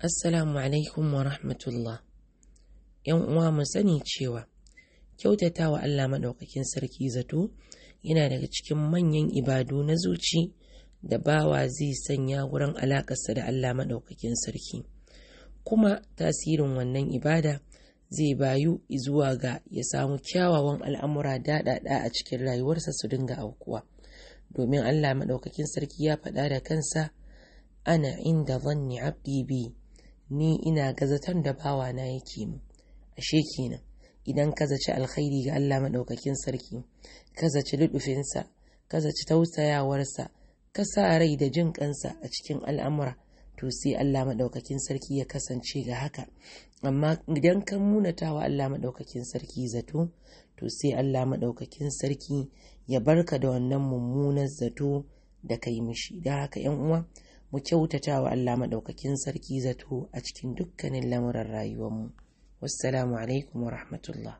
Assalamu alaikum wa rahmatullah. ‘Yan uwa mu sani cewa kyautata wa Allah maɗaukakin sarki zato yana daga cikin manyan ibadu na zuci da bawa zai sanya wurin alaƙarsa da Allah maɗaukakin sarki. Kuma tasirin wannan ibada zai bayu zuwa ga ya samu kyawawan al'amura daɗaɗa a cikin rayuwarsa su dinga aukuwa. Domin Allah maɗaukakin sarki ya faɗa da kansa, ana inda zanni abdi bi. ni ina gazaton da bawa na yake mu ashe kenan idan ka zaci alkhairi ga Allah maɗaukakin sarki ka zaci luɗufinsa ka zaci tausayawarsa ka sa rai da jin kansa a cikin al'amura to sai Allah maɗaukakin sarki ya kasance ga haka amma idan ka munatawa Allah maɗaukakin sarki zato to sai Allah maɗaukakin sarki ya barka da wannan mummunan zato da kai mishi da haka yan uwa mu kyautata wa Allah maɗaukakin sarki zato a cikin dukkanin lamuran rayuwarmu. Wassalamu alaikum wa rahmatullah.